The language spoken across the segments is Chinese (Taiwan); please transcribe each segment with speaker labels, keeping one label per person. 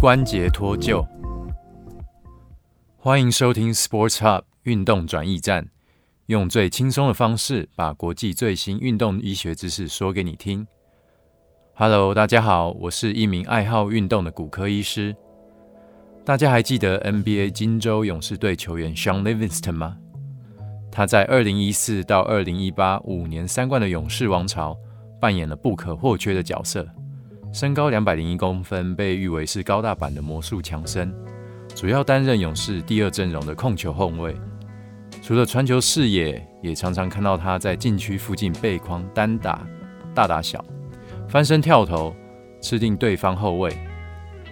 Speaker 1: 關節脫臼。歡迎收聽 Sports Hub 運動轉驛站，用最輕鬆的方式把國際最新運動醫學知識說給你聽。Hello，大家好，我是一名愛好運動的骨科醫師。大家還記得 NBA 金州勇士隊球員 Shaun Livingston 嗎？他在二零一四到二零一八五年三冠的勇士王朝扮演了不可或缺的角色。身高兩百零一公分，被譽為是高大版的魔術強森，主要擔任勇士第二陣容的控球後衛。除了傳球視野，也常常看到他在禁區附近背筐單打、大打小、翻身跳投、吃定對方後衛，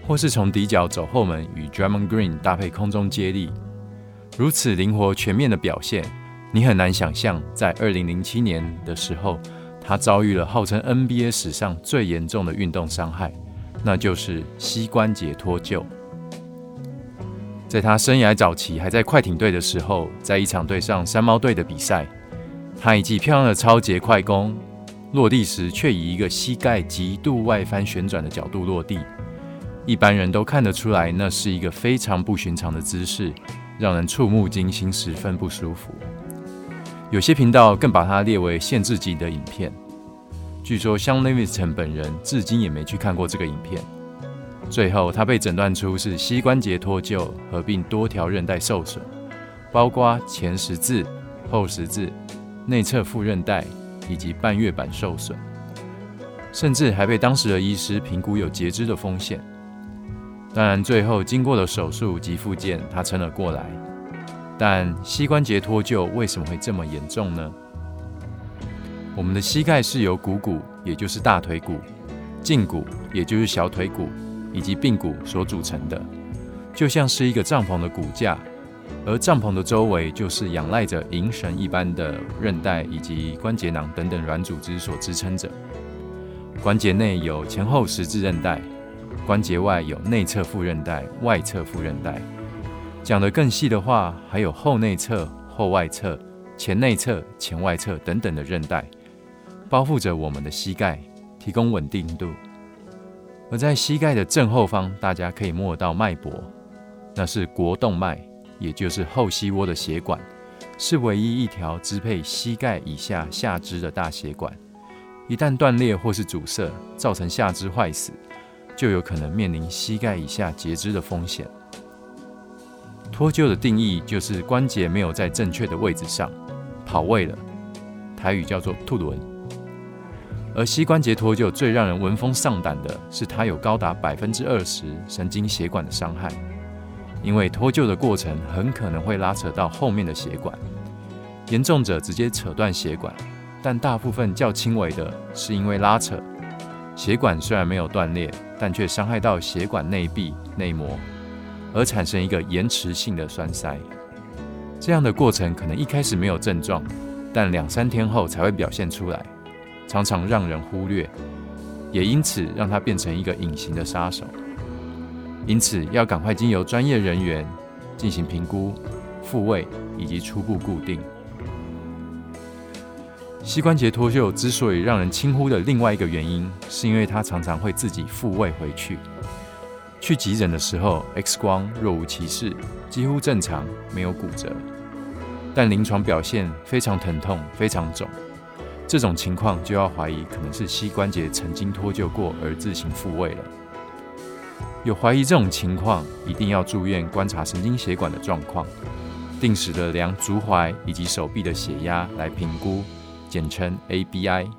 Speaker 1: 或是從底角走後門與 Draymond Green 搭配空中接力。如此靈活全面的表現，你很難想象在二零零七年的時候。他遭遇了號稱 NBA 史上最嚴重的運動傷害，那就是膝關節脫臼。在他生涯早期還在快艇隊的時候，在一場對上山貓隊的比賽，他一記漂亮的抄截快攻，落地時卻以一個膝蓋極度外翻旋轉的角度落地，一般人都看得出來，那是一個非常不尋常的姿勢，讓人觸目驚心，十分不舒服。有些頻道更把它列為限制級的影片。據說 Shaun Livingston 本人至今也沒去看過這個影片。最後，他被診斷出是膝關節脫臼合併多條韌帶受損，包括前十字、後十字、內側副韌帶以及半月板受損，甚至還被當時的醫師評估有截肢的風險。當然，最後經過了手術及復健，他撐了過來。但膝關節脫臼為什麼會這麼嚴重呢？我們的膝蓋是由股骨，骨，也就是大腿骨，脛骨，也就是小腿骨，以及髕骨所組成的，就像是一個帳篷的骨架，而帳篷的周圍就是仰賴着營繩一般的韌帶以及關節囊等等軟組織所支撐着。關節內有前後十字韌帶，關節外有內側副韌帶、外側副韌帶。講得更細的話，還有後內側、後外側、前內側、前外側等等的韌帶，包覆着我們的膝蓋，提供穩定度。而在膝蓋的正後方，大家可以摸到脈搏，那是膕動脈，也就是後膝窩的血管，是唯一一條支配膝蓋以下下肢的大血管。一旦斷裂或是阻塞，造成下肢壞死，就有可能面臨膝蓋以下截肢的風險。脫臼的定義就是關節沒有在正確的位置上，跑位了，台語叫做“兔輪”。而膝關節脫臼最讓人聞風喪膽的是，它有高達百分之二十神經血管的傷害，因為脫臼的過程很可能會拉扯到後面的血管，嚴重者直接扯斷血管，但大部分較輕微的是因為拉扯血管雖然沒有斷裂，但卻傷害到血管內壁、內膜。而產生一個延遲性的栓塞，這樣的過程可能一開始沒有症狀，但兩三天後才會表現出來，常常讓人忽略，也因此讓它變成一個隱形的殺手。因此，要趕快經由專業人員進行評估、復位以及初步固定。膝關節脫臼之所以讓人輕忽的另外一個原因，是因為它常常會自己復位回去。去急診的時候，X 光若無其事，幾乎正常，沒有骨折，但臨床表現非常疼痛，非常腫。這種情況就要懷疑可能是膝關節曾經脫臼過而自行復位了。有懷疑這種情況，一定要住院觀察神經血管的狀況，定時的量足踝以及手臂的血壓來評估，簡稱 ABI。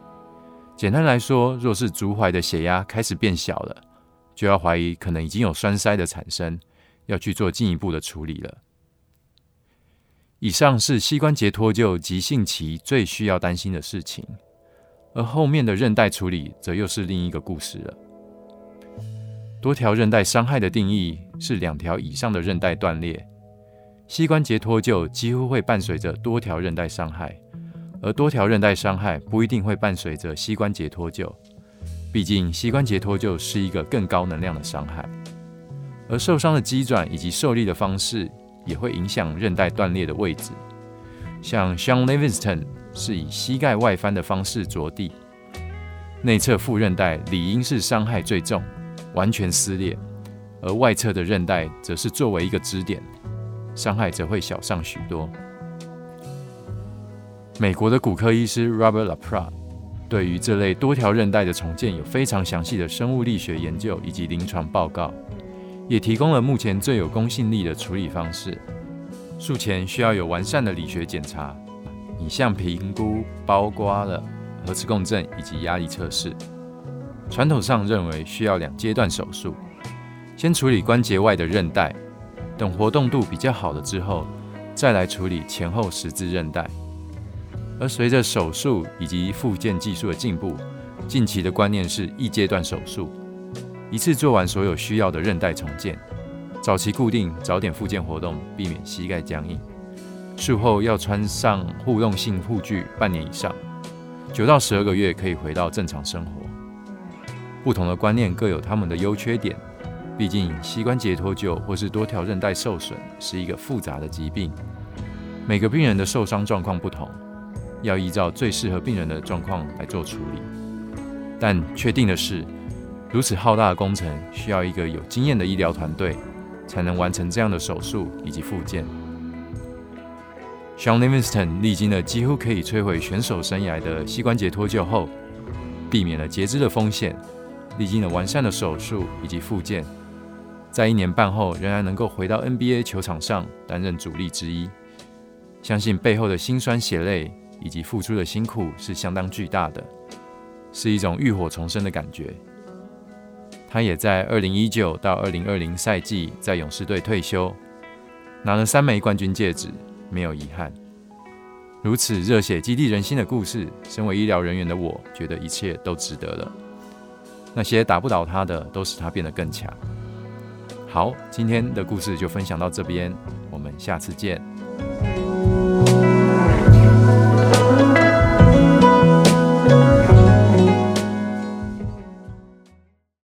Speaker 1: 簡單來說，若是足踝的血壓開始變小了，就要懷疑可能已經有栓塞的產生，要去做進一步的處理了。以上是膝關節脫臼急性期最需要擔心的事情，而後面的韌帶處理則又是另一個故事了。多條韌帶傷害的定義是兩條以上的韌帶斷裂，膝關節脫臼幾乎會伴隨着多條韌帶傷害，而多條韌帶傷害不一定會伴隨着膝關節脫臼。畢竟，膝關節脫臼是一個更高能量的傷害，而受傷的機轉以及受力的方式也會影響韌帶斷裂的位置。像 Shaun Livingston 是以膝蓋外翻的方式着地，內側副韌帶理應是傷害最重，完全撕裂；而外側的韌帶則是作為一個支點，傷害則會小上許多。美國的骨科醫師 Robert LaPrade，對於這類多條韌帶的重建，有非常詳細的生物力學研究以及臨床報告，也提供了目前最有公信力的處理方式。術前需要有完善的理學檢查，影像評估包括了核磁共振以及壓力測試。傳統上認為需要兩階段手術，先處理關節外的韌帶，等活動度比較好了之後，再來處理前後十字韌帶。而隨着手術以及復健技術的進步，近期的觀念是一階段手術，一次做完所有需要的韌帶重建，早期固定，早點復健活動，避免膝蓋僵硬。術後要穿上互動性護具半年以上，九到十二個月可以回到正常生活。不同的觀念各有他們的優缺點，畢竟膝關節脫臼或是多條韌帶受損是一個複雜的疾病，每個病人的受傷狀況不同。要依照最適合病人的狀況來做處理，但確定的是，如此浩大的工程需要一個有經驗的醫療團隊才能完成這樣的手術以及複健。Shaun Livingston 歷經了幾乎可以摧毀選手生涯的膝關節脫臼後，避免了截肢的風險，歷經了完善的手術以及複健，在一年半後仍然能夠回到 NBA 球場上擔任主力之一。相信背後的辛酸血淚，以及付出的辛苦是相當巨大的，是一種浴火重生的感覺。他也在二零一九到二零二零賽季在勇士隊退休，拿了三枚冠軍戒指，沒有遺憾。如此熱血激勵人心的故事，身為醫療人員的我，覺得一切都值得了。那些打不倒他的，都使他變得更強。好，今天的故事就分享到這邊，我們下次見。